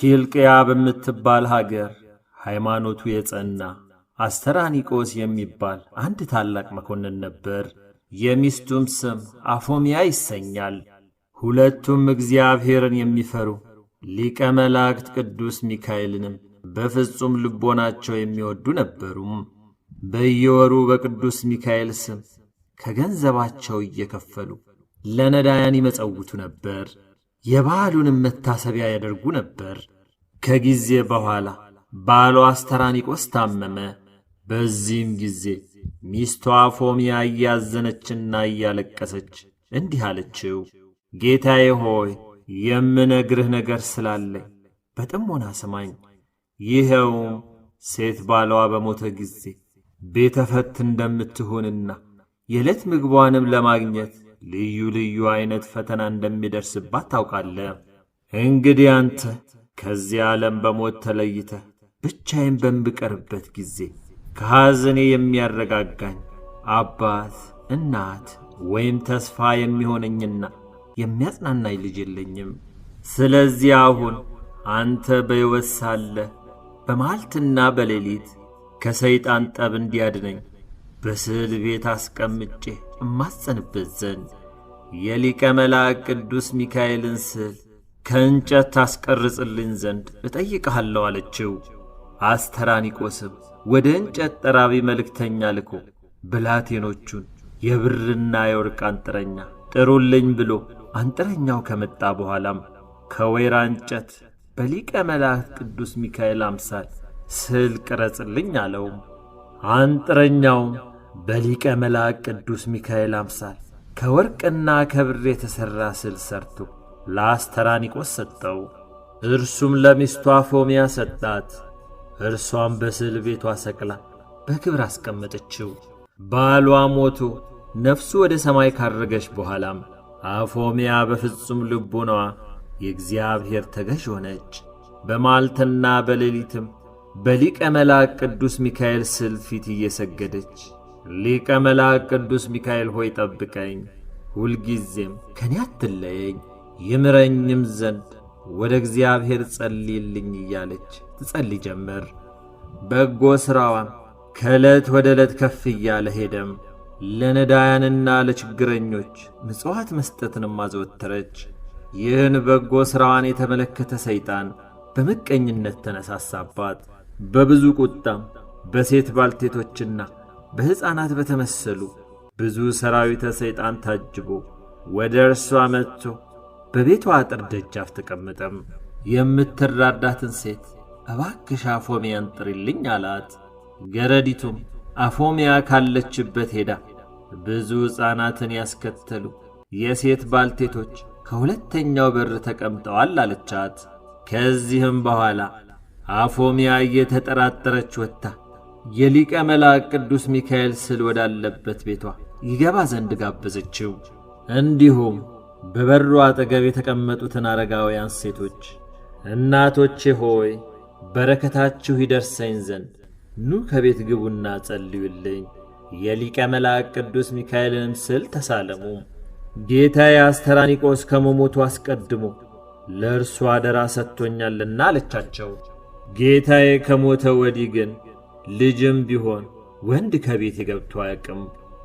ኪልቅያ በምትባል ሀገር ሃይማኖቱ የጸና አስተራኒቆስ የሚባል አንድ ታላቅ መኮንን ነበር። የሚስቱም ስም አፎሚያ ይሰኛል። ሁለቱም እግዚአብሔርን የሚፈሩ ሊቀ መላእክት ቅዱስ ሚካኤልንም በፍጹም ልቦናቸው የሚወዱ ነበሩም። በየወሩ በቅዱስ ሚካኤል ስም ከገንዘባቸው እየከፈሉ ለነዳያን ይመጸውቱ ነበር። የበዓሉንም መታሰቢያ ያደርጉ ነበር። ከጊዜ በኋላ ባሏ አስተራኒቆስ ታመመ። በዚህም ጊዜ ሚስቷ ፎሚያ እያዘነችና እያለቀሰች እንዲህ አለችው፣ ጌታዬ ሆይ የምነግርህ ነገር ስላለኝ በጥሞና ስማኝ። ይኸውም ሴት ባሏ በሞተ ጊዜ ቤተፈት እንደምትሆንና የዕለት ምግቧንም ለማግኘት ልዩ ልዩ አይነት ፈተና እንደሚደርስባት ታውቃለ እንግዲህ አንተ ከዚህ ዓለም በሞት ተለይተ ብቻዬን በምቀርበት ጊዜ ከሐዘኔ የሚያረጋጋኝ አባት፣ እናት ወይም ተስፋ የሚሆነኝና የሚያጽናናኝ ልጅ የለኝም። ስለዚህ አሁን አንተ በሕይወት ሳለህ በሌሊት ከሰይጣን ጠብ እንዲያድነኝ በስዕል ቤት አስቀምጬ እማጸንበት ዘንድ የሊቀ መልአክ ቅዱስ ሚካኤልን ስዕል ከእንጨት ታስቀርጽልኝ ዘንድ እጠይቅሃለሁ አለችው። አስተራኒቆስም ወደ እንጨት ጠራቢ መልእክተኛ ልኮ ብላቴኖቹን የብርና የወርቅ አንጥረኛ ጥሩልኝ ብሎ አንጥረኛው ከመጣ በኋላም ከወይራ እንጨት በሊቀ መልአክ ቅዱስ ሚካኤል አምሳል ስዕል ቅረጽልኝ አለውም። አንጥረኛውም በሊቀ መልአክ ቅዱስ ሚካኤል አምሳል ከወርቅና ከብር የተሠራ ስዕል ሠርቶ ለአስተራኒቆስ ሰጠው። እርሱም ለሚስቱ አፎሚያ ሰጣት። እርሷም በስዕል ቤቷ ሰቅላ በክብር አስቀመጠችው። ባሏ ሞቶ ነፍሱ ወደ ሰማይ ካረገች በኋላም አፎሚያ በፍጹም ልቦናዋ የእግዚአብሔር ተገዥ ሆነች። በማልትና በሌሊትም በሊቀ መልአክ ቅዱስ ሚካኤል ስዕል ፊት እየሰገደች ሊቀ መልአክ ቅዱስ ሚካኤል ሆይ ጠብቀኝ፣ ሁልጊዜም ከኔ አትለየኝ፣ ይምረኝም ዘንድ ወደ እግዚአብሔር ጸልይልኝ እያለች ትጸልይ ጀመር። በጎ ሥራዋም ከዕለት ወደ ዕለት ከፍ እያለ ሄደም። ለነዳያንና ለችግረኞች ምጽዋት መስጠትንም አዘወተረች። ይህን በጎ ሥራዋን የተመለከተ ሰይጣን በምቀኝነት ተነሳሳባት። በብዙ ቁጣም በሴት ባልቴቶችና በሕፃናት በተመሰሉ ብዙ ሠራዊተ ሰይጣን ታጅቦ ወደ እርሷ መጥቶ በቤቷ አጥር ደጃፍ ተቀመጠም። የምትራዳትን ሴት እባክሽ አፎሚያን ጥሪልኝ አላት። ገረዲቱም አፎሚያ ካለችበት ሄዳ ብዙ ሕፃናትን ያስከተሉ የሴት ባልቴቶች ከሁለተኛው በር ተቀምጠዋል አለቻት። ከዚህም በኋላ አፎምያ እየተጠራጠረች ወጥታ የሊቀ መልአክ ቅዱስ ሚካኤል ስል ወዳለበት ቤቷ ይገባ ዘንድ ጋበዘችው። እንዲሁም በበሩ አጠገብ የተቀመጡትን አረጋውያን ሴቶች እናቶቼ ሆይ በረከታችሁ ይደርሰኝ ዘንድ ኑ ከቤት ግቡና ጸልዩልኝ፣ የሊቀ መልአክ ቅዱስ ሚካኤልንም ስል ተሳለሙ። ጌታ የአስተራኒቆስ ከመሞቱ አስቀድሞ ለእርሱ አደራ ሰጥቶኛልና አለቻቸው። ጌታዬ ከሞተ ወዲህ ግን ልጅም ቢሆን ወንድ ከቤቴ ገብቶ አያቅም።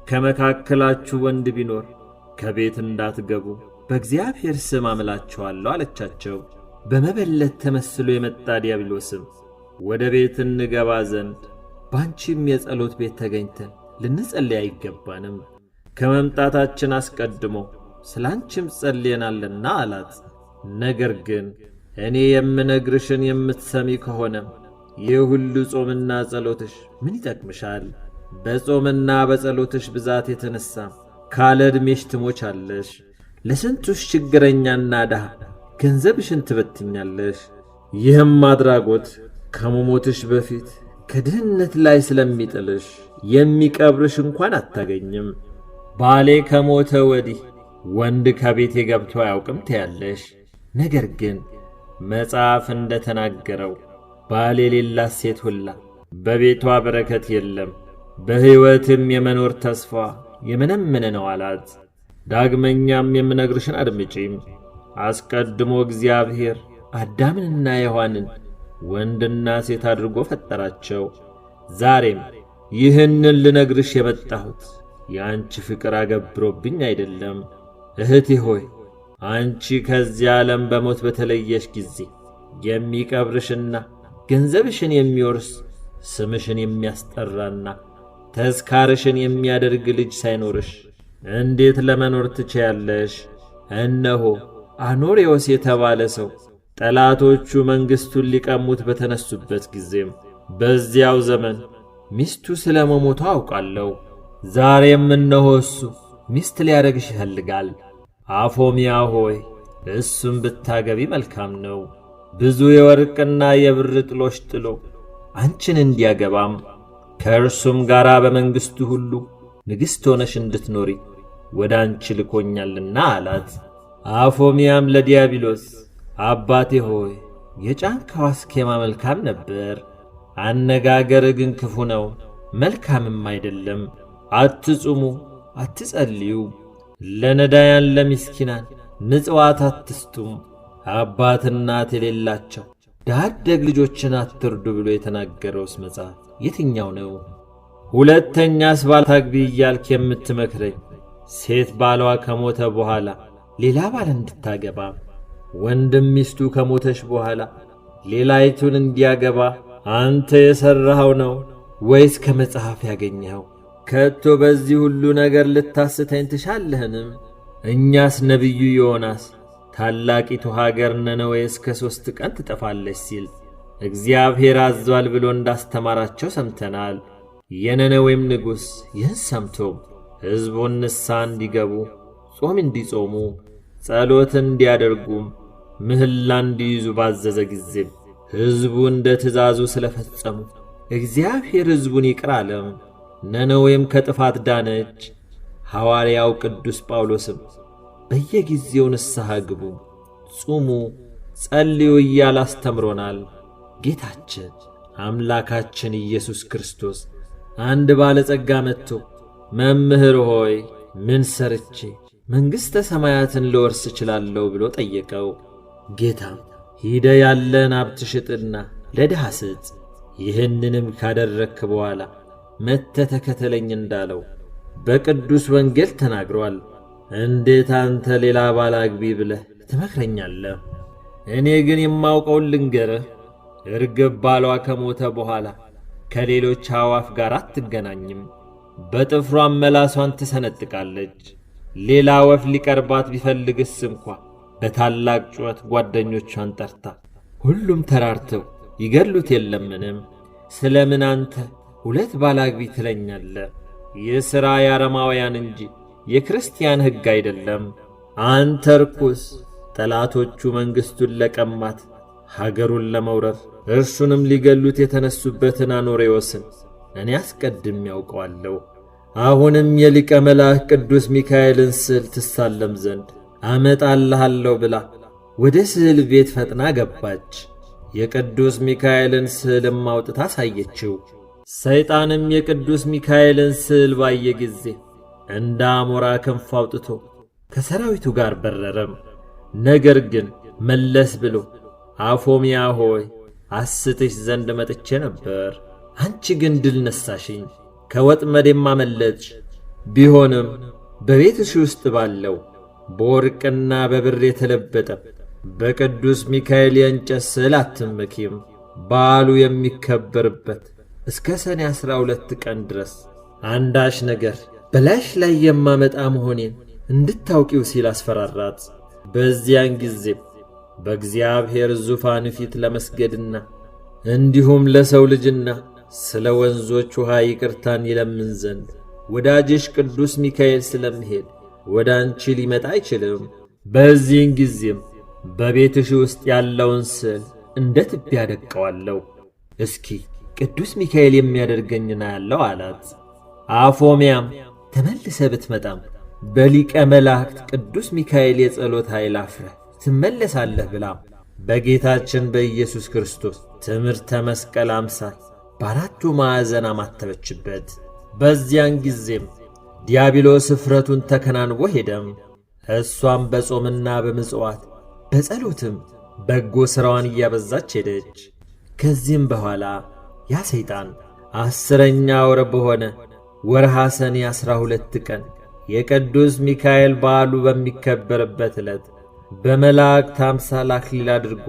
ከመካከላችሁ ወንድ ቢኖር ከቤት እንዳትገቡ በእግዚአብሔር ስም አምላችኋለሁ አለቻቸው። በመበለት ተመስሎ የመጣ ዲያብሎስም ወደ ቤት እንገባ ዘንድ ባንቺም የጸሎት ቤት ተገኝተን ልንጸልይ አይገባንም፣ ከመምጣታችን አስቀድሞ ስላንቺም አንቺም ጸልየናልና አላት። ነገር ግን እኔ የምነግርሽን የምትሰሚ ከሆነ ይህ ሁሉ ጾምና ጸሎትሽ ምን ይጠቅምሻል? በጾምና በጸሎትሽ ብዛት የተነሳ ካለ ዕድሜሽ ትሞቻለሽ። ለስንቱሽ ችግረኛና ድሃ ገንዘብሽን ትበትኛለሽ። ይህም አድራጎት ከመሞትሽ በፊት ከድህነት ላይ ስለሚጥልሽ የሚቀብርሽ እንኳን አታገኝም። ባሌ ከሞተ ወዲህ ወንድ ከቤቴ ገብቶ አያውቅም ትያለሽ። ነገር ግን መጽሐፍ እንደ ተናገረው ባል የሌላት ሴት ሁላ በቤቷ በረከት የለም፣ በሕይወትም የመኖር ተስፋ የምነምን ነው አላት። ዳግመኛም የምነግርሽን አድምጪም። አስቀድሞ እግዚአብሔር አዳምንና ሔዋንን ወንድና ሴት አድርጎ ፈጠራቸው። ዛሬም ይህንን ልነግርሽ የመጣሁት የአንቺ ፍቅር አገብሮብኝ አይደለም፣ እህቴ ሆይ አንቺ ከዚህ ዓለም በሞት በተለየሽ ጊዜ የሚቀብርሽና ገንዘብሽን የሚወርስ ስምሽን የሚያስጠራና ተስካርሽን የሚያደርግ ልጅ ሳይኖርሽ እንዴት ለመኖር ትችያለሽ? እነሆ አኖሬዎስ የተባለ ሰው ጠላቶቹ መንግሥቱን ሊቀሙት በተነሱበት ጊዜም በዚያው ዘመን ሚስቱ ስለ መሞቱ አውቃለሁ። ዛሬም እነሆ እሱ ሚስት ሊያደርግሽ ይፈልጋል አፎሚያ ሆይ እሱም ብታገቢ መልካም ነው። ብዙ የወርቅና የብር ጥሎች ጥሎ አንቺን እንዲያገባም ከእርሱም ጋር በመንግሥቱ ሁሉ ንግሥት ሆነሽ እንድትኖሪ ወደ አንቺ ልኮኛልና አላት። አፎሚያም ለዲያብሎስ አባቴ ሆይ የጫንካዋ አስኬማ መልካም ነበር፣ አነጋገር ግን ክፉ ነው፣ መልካምም አይደለም። አትጹሙ፣ አትጸልዩ ለነዳያን ለምስኪናን ምጽዋት አትስጡ። አባት እናት የሌላቸው ዳደግ ልጆችን አትርዱ ብሎ የተናገረውስ መጽሐፍ የትኛው ነው? ሁለተኛስ ባልታግቢ እያልክ የምትመክረኝ ሴት ባሏ ከሞተ በኋላ ሌላ ባል እንድታገባ ወንድም ሚስቱ ከሞተች በኋላ ሌላይቱን እንዲያገባ አንተ የሠራኸው ነው ወይስ ከመጽሐፍ ያገኘኸው? ከቶ በዚህ ሁሉ ነገር ልታስተኝ ትሻለህን? እኛስ ነቢዩ ዮናስ ታላቂቱ ሀገር ነነዌ እስከ ሦስት ቀን ትጠፋለች ሲል እግዚአብሔር አዟል ብሎ እንዳስተማራቸው ሰምተናል። የነነዌም ንጉሥ ይህን ሰምቶ ሕዝቡን ንሳ እንዲገቡ፣ ጾም እንዲጾሙ፣ ጸሎት እንዲያደርጉም ምህላ እንዲይዙ ባዘዘ ጊዜም ሕዝቡ እንደ ትእዛዙ ስለ ፈጸሙ እግዚአብሔር ሕዝቡን ይቅር አለም። ነነዌም ከጥፋት ዳነች። ሐዋርያው ቅዱስ ጳውሎስም በየጊዜው ንስሐ ግቡ፣ ጹሙ፣ ጸልዩ እያል አስተምሮናል። ጌታችን አምላካችን ኢየሱስ ክርስቶስ አንድ ባለጸጋ መጥቶ መምህር ሆይ ምን ሰርቼ መንግሥተ ሰማያትን ልወርስ እችላለሁ ብሎ ጠየቀው። ጌታም ሂደ ያለን ሀብት ሽጥና ለድሃ ስጥ፣ ይህንንም ካደረክ በኋላ መተተከተለኝ ተከተለኝ እንዳለው በቅዱስ ወንጌል ተናግሯል። እንዴት አንተ ሌላ ባል አግቢ ብለህ ትመክረኛለህ? እኔ ግን የማውቀውን ልንገርህ። እርግብ ባሏ ከሞተ በኋላ ከሌሎች አዕዋፍ ጋር አትገናኝም። በጥፍሯን መላሷን ትሰነጥቃለች። ሌላ ወፍ ሊቀርባት ቢፈልግስ እንኳ በታላቅ ጩኸት ጓደኞቿን ጠርታ ሁሉም ተራርተው ይገድሉት የለምንም? ስለ ምን አንተ ሁለት ባላግቢ ትለኛለ። ይህ ሥራ የአረማውያን እንጂ የክርስቲያን ሕግ አይደለም። አንተ ርኩስ! ጠላቶቹ መንግሥቱን ለቀማት ሀገሩን ለመውረር እርሱንም ሊገሉት የተነሱበትን አኖሬዎስን እኔ አስቀድም ያውቀዋለሁ። አሁንም የሊቀ መልአክ ቅዱስ ሚካኤልን ስዕል ትሳለም ዘንድ አመጣልሃለሁ ብላ ወደ ስዕል ቤት ፈጥና ገባች። የቅዱስ ሚካኤልን ስዕልም አውጥታ አሳየችው። ሰይጣንም የቅዱስ ሚካኤልን ስዕል ባየ ጊዜ እንደ አሞራ ክንፍ አውጥቶ ከሰራዊቱ ጋር በረረም። ነገር ግን መለስ ብሎ አፎሚያ ሆይ አስትሽ ዘንድ መጥቼ ነበር፣ አንቺ ግን ድል ነሳሽኝ፣ ከወጥመድ የማመለጥሽ ቢሆንም በቤትሽ ውስጥ ባለው በወርቅና በብር የተለበጠ በቅዱስ ሚካኤል የእንጨት ስዕል አትመኪም፣ በዓሉ የሚከበርበት እስከ ሰኔ ሁለት ቀን ድረስ አንዳች ነገር በላሽ ላይ የማመጣ መሆኔን እንድታውቂው ሲል አስፈራራት። በዚያን ጊዜም በእግዚአብሔር ዙፋን ፊት ለመስገድና እንዲሁም ለሰው ልጅና ስለ ወንዞች ውሃ ይቅርታን ይለምን ዘንድ ወዳጅሽ ቅዱስ ሚካኤል ስለምሄድ ወደ አንቺ ሊመጣ አይችልም። በዚህን ጊዜም በቤትሽ ውስጥ ያለውን ስዕል እንደ ትቢያ ደቀዋለሁ። እስኪ ቅዱስ ሚካኤል የሚያደርገኝን አያለው አላት። አፎሚያም ተመልሰ ብትመጣም በሊቀ መላእክት ቅዱስ ሚካኤል የጸሎት ኃይል አፍረህ ትመለሳለህ ብላ በጌታችን በኢየሱስ ክርስቶስ ትምህርተ መስቀል አምሳል በአራቱ ማዕዘን አማተበችበት። በዚያን ጊዜም ዲያብሎስ እፍረቱን ተከናንቦ ሄደም። እሷም በጾምና በምጽዋት በጸሎትም በጎ ሥራዋን እያበዛች ሄደች። ከዚህም በኋላ ያ ሰይጣን አሥረኛ ወር በሆነ ወርሃ ሰኔ ዐሥራ ሁለት ቀን የቅዱስ ሚካኤል በዓሉ በሚከበርበት ዕለት በመላእክት አምሳል አክሊል አድርጎ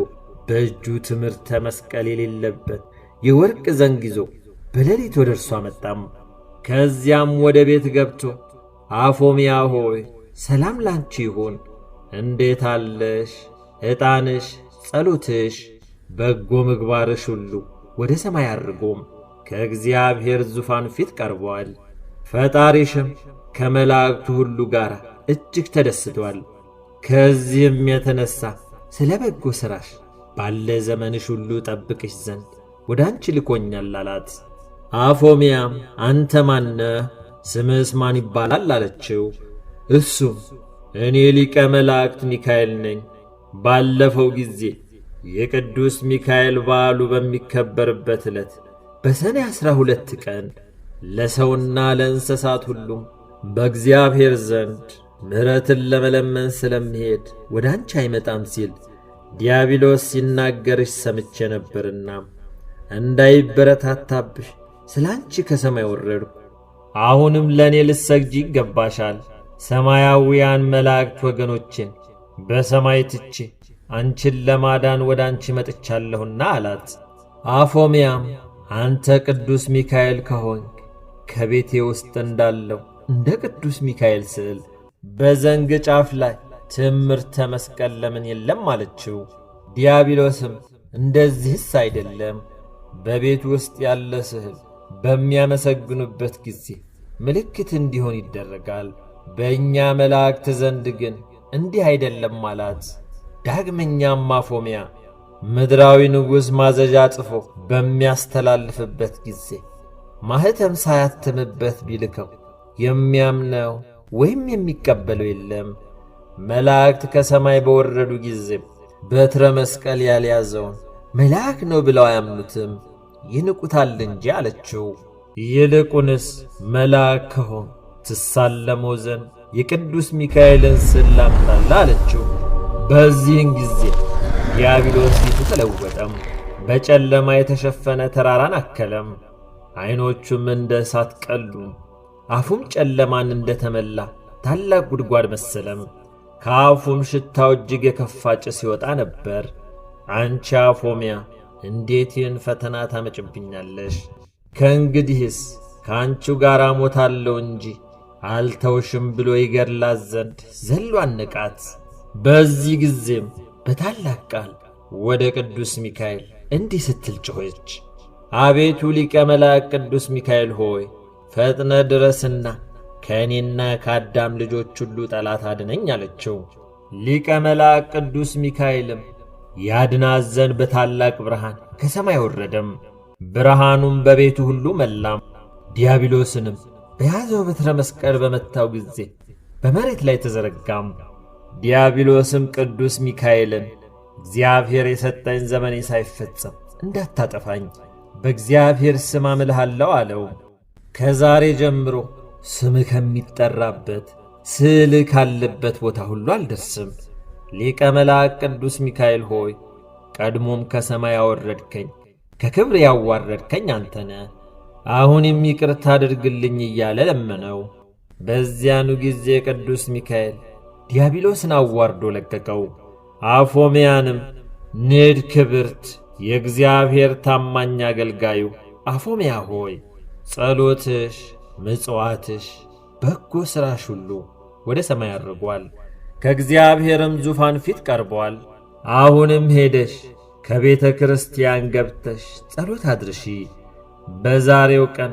በእጁ ትምህርተ መስቀል የሌለበት የወርቅ ዘንግ ይዞ በሌሊት ወደ እርሷ መጣም። ከዚያም ወደ ቤት ገብቶ አፎምያ ሆይ ሰላም ላንቺ ይሁን፣ እንዴት አለሽ? ዕጣንሽ፣ ጸሎትሽ፣ በጎ ምግባርሽ ሁሉ ወደ ሰማይ አድርጎም ከእግዚአብሔር ዙፋን ፊት ቀርቧል። ፈጣሪሽም ከመላእክቱ ሁሉ ጋር እጅግ ተደስቷል። ከዚህም የተነሣ ስለ በጎ ሥራሽ ባለ ዘመንሽ ሁሉ ጠብቅሽ ዘንድ ወደ አንቺ ልኮኛል አላት። አፎሚያም አንተ ማነ ስምስ ማን ይባላል አለችው። እሱም እኔ ሊቀ መላእክት ሚካኤል ነኝ። ባለፈው ጊዜ የቅዱስ ሚካኤል በዓሉ በሚከበርበት ዕለት በሰኔ ዐሥራ ሁለት ቀን ለሰውና ለእንስሳት ሁሉም በእግዚአብሔር ዘንድ ምሕረትን ለመለመን ስለምሄድ ወደ አንቺ አይመጣም ሲል ዲያብሎስ ሲናገርሽ ሰምቼ ነበርና እንዳይበረታታብሽ ስለ አንቺ ከሰማይ ወረድሁ። አሁንም ለእኔ ልትሰግጂ ይገባሻል። ሰማያዊያን መላእክት ወገኖችን በሰማይ ትቼ አንቺን ለማዳን ወደ አንቺ መጥቻለሁና አላት። አፎሚያም አንተ ቅዱስ ሚካኤል ከሆንክ ከቤቴ ውስጥ እንዳለው እንደ ቅዱስ ሚካኤል ስዕል በዘንግ ጫፍ ላይ ትምህርተ መስቀል ለምን የለም አለችው። ዲያብሎስም እንደዚህስ አይደለም፣ በቤት ውስጥ ያለ ስዕል በሚያመሰግኑበት ጊዜ ምልክት እንዲሆን ይደረጋል፣ በእኛ መላእክት ዘንድ ግን እንዲህ አይደለም አላት። ዳግመኛም ማፎሚያ ምድራዊ ንጉሥ ማዘዣ ጽፎ በሚያስተላልፍበት ጊዜ ማኅተም ሳያትምበት ቢልከው የሚያምነው ወይም የሚቀበለው የለም። መላእክት ከሰማይ በወረዱ ጊዜም በትረ መስቀል ያልያዘውን መልአክ ነው ብለው አያምኑትም፣ ይንቁታል እንጂ አለችው። ይልቁንስ መልአክ ከሆን ትሳለመው ዘንድ የቅዱስ ሚካኤልን ስዕል ላምጣልህ አለችው። በዚህን ጊዜ ዲያብሎስ ፊቱ ተለወጠም፣ በጨለማ የተሸፈነ ተራራን አከለም። ዐይኖቹም እንደ እሳት ቀሉ፣ አፉም ጨለማን እንደ ተመላ ታላቅ ጉድጓድ መሰለም። ከአፉም ሽታው እጅግ የከፋ ጭስ ይወጣ ነበር። አንቺ አፎምያ እንዴት ይህን ፈተና ታመጭብኛለሽ? ከእንግዲህስ ከአንቺው ጋር ሞታለሁ እንጂ አልተውሽም ብሎ ይገድላት ዘንድ ዘሎ አነቃት። በዚህ ጊዜም በታላቅ ቃል ወደ ቅዱስ ሚካኤል እንዲህ ስትል ጮኸች፣ አቤቱ ሊቀ መላእክት ቅዱስ ሚካኤል ሆይ ፈጥነ ድረስና ከእኔና ከአዳም ልጆች ሁሉ ጠላት አድነኝ አለችው። ሊቀ መልአክ ቅዱስ ሚካኤልም ያድናት ዘንድ በታላቅ ብርሃን ከሰማይ ወረደም። ብርሃኑም በቤቱ ሁሉ መላም። ዲያብሎስንም በያዘው በትረ መስቀል በመታው ጊዜ በመሬት ላይ ተዘረጋም። ዲያብሎስም ቅዱስ ሚካኤልን እግዚአብሔር የሰጠኝ ዘመኔ ሳይፈጸም እንዳታጠፋኝ በእግዚአብሔር ስም አምልሃለሁ አለው። ከዛሬ ጀምሮ ስም ከሚጠራበት ስዕል ካለበት ቦታ ሁሉ አልደርስም። ሊቀ መልአክ ቅዱስ ሚካኤል ሆይ ቀድሞም ከሰማይ ያወረድከኝ ከክብር ያዋረድከኝ አንተነ አሁንም ይቅርታ አድርግልኝ እያለ ለመነው። በዚያኑ ጊዜ ቅዱስ ሚካኤል ዲያብሎስን አዋርዶ ለቀቀው። አፎሚያንም ንድ ክብርት የእግዚአብሔር ታማኝ አገልጋዩ አፎሚያ ሆይ ጸሎትሽ፣ ምጽዋትሽ፣ በጎ ሥራሽ ሁሉ ወደ ሰማይ አድርጓል፣ ከእግዚአብሔርም ዙፋን ፊት ቀርቧል። አሁንም ሄደሽ ከቤተ ክርስቲያን ገብተሽ ጸሎት አድርሺ፣ በዛሬው ቀን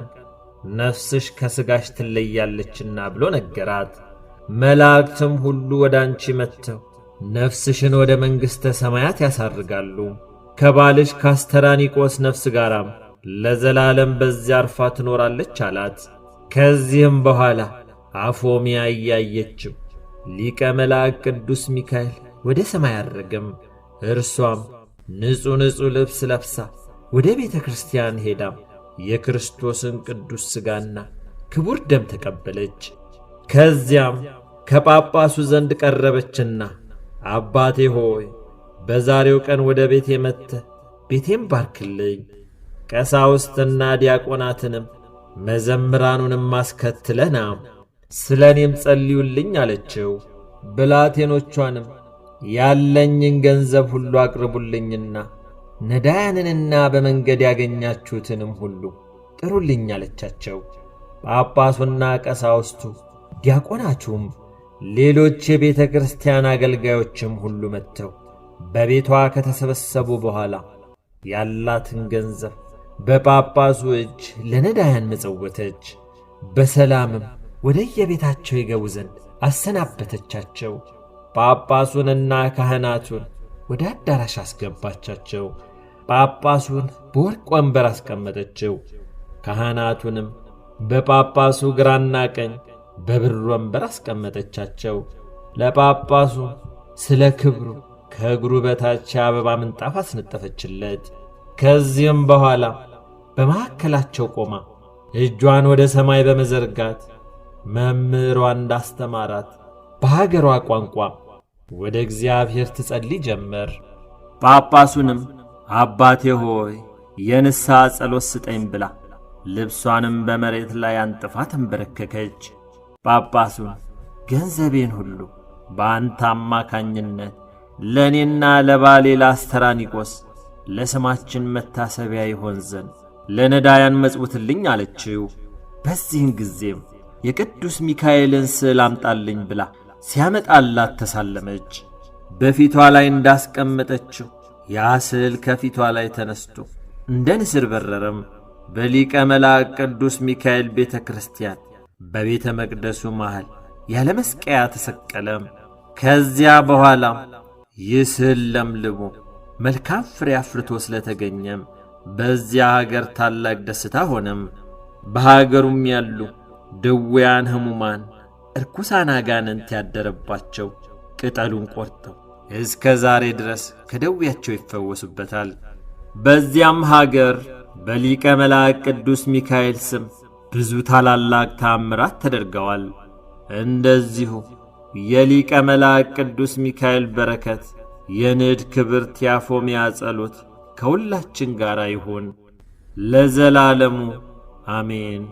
ነፍስሽ ከሥጋሽ ትለያለችና ብሎ ነገራት። መላእክትም ሁሉ ወደ አንቺ መጥተው ነፍስሽን ወደ መንግሥተ ሰማያት ያሳርጋሉ። ከባልሽ ካስተራኒቆስ ነፍስ ጋራም ለዘላለም በዚያ አርፋ ትኖራለች አላት። ከዚህም በኋላ አፎሚያ እያየችው ሊቀ መላእክ ቅዱስ ሚካኤል ወደ ሰማይ አረገም። እርሷም ንጹሕ ንጹሕ ልብስ ለብሳ ወደ ቤተ ክርስቲያን ሄዳም የክርስቶስን ቅዱስ ሥጋና ክቡር ደም ተቀበለች። ከዚያም ከጳጳሱ ዘንድ ቀረበችና አባቴ ሆይ በዛሬው ቀን ወደ ቤቴ መጥተ ቤቴም ባርክልኝ፣ ቀሳውስትና ዲያቆናትንም መዘምራኑንም አስከትለና ስለ እኔም ጸልዩልኝ አለችው። ብላቴኖቿንም ያለኝን ገንዘብ ሁሉ አቅርቡልኝና ነዳያንንና በመንገድ ያገኛችሁትንም ሁሉ ጥሩልኝ አለቻቸው። ጳጳሱና ቀሳውስቱ ዲያቆናቱም ሌሎች የቤተ ክርስቲያን አገልጋዮችም ሁሉ መጥተው በቤቷ ከተሰበሰቡ በኋላ ያላትን ገንዘብ በጳጳሱ እጅ ለነዳያን መጸወተች። በሰላምም ወደየቤታቸው ይገቡ ዘንድ አሰናበተቻቸው። ጳጳሱንና ካህናቱን ወደ አዳራሽ አስገባቻቸው። ጳጳሱን በወርቅ ወንበር አስቀመጠችው። ካህናቱንም በጳጳሱ ግራና ቀኝ በብር ወንበር አስቀመጠቻቸው። ለጳጳሱ ስለ ክብሩ ከእግሩ በታች የአበባ ምንጣፍ አስነጠፈችለት። ከዚህም በኋላ በመካከላቸው ቆማ እጇን ወደ ሰማይ በመዘርጋት መምህሯ እንዳስተማራት በሀገሯ ቋንቋ ወደ እግዚአብሔር ትጸልይ ጀመር። ጳጳሱንም አባቴ ሆይ የንስሐ ጸሎት ስጠኝ ብላ ልብሷንም በመሬት ላይ አንጥፋ ተንበረከከች። ጳጳሱን ገንዘቤን ሁሉ በአንተ አማካኝነት ለእኔና ለባሌ ለአስተራኒቆስ ለስማችን መታሰቢያ ይሆን ዘንድ ለነዳያን መጽውትልኝ አለችው። በዚህን ጊዜም የቅዱስ ሚካኤልን ስዕል አምጣልኝ ብላ ሲያመጣላት ተሳለመች። በፊቷ ላይ እንዳስቀመጠችው ያ ስዕል ከፊቷ ላይ ተነስቶ እንደ ንስር በረረም በሊቀ መልአክ ቅዱስ ሚካኤል ቤተ ክርስቲያን በቤተ መቅደሱ መሃል ያለ መስቀያ ተሰቀለም። ከዚያ በኋላም ይህ ለምልሞ መልካም ፍሬ አፍርቶ ስለተገኘም በዚያ ሀገር ታላቅ ደስታ ሆነም። በሀገሩም ያሉ ድውያን፣ ህሙማን እርኩሳን አጋንንት ያደረባቸው ቅጠሉን ቆርጠው እስከ ዛሬ ድረስ ከደዌያቸው ይፈወሱበታል። በዚያም ሀገር በሊቀ መልአክ ቅዱስ ሚካኤል ስም ብዙ ታላላቅ ታምራት ተደርገዋል። እንደዚሁ የሊቀ መልአክ ቅዱስ ሚካኤል በረከት፣ የንድ ክብር፣ ቲያፎሚያ ጸሎት ከሁላችን ጋር ይሁን ለዘላለሙ አሜን።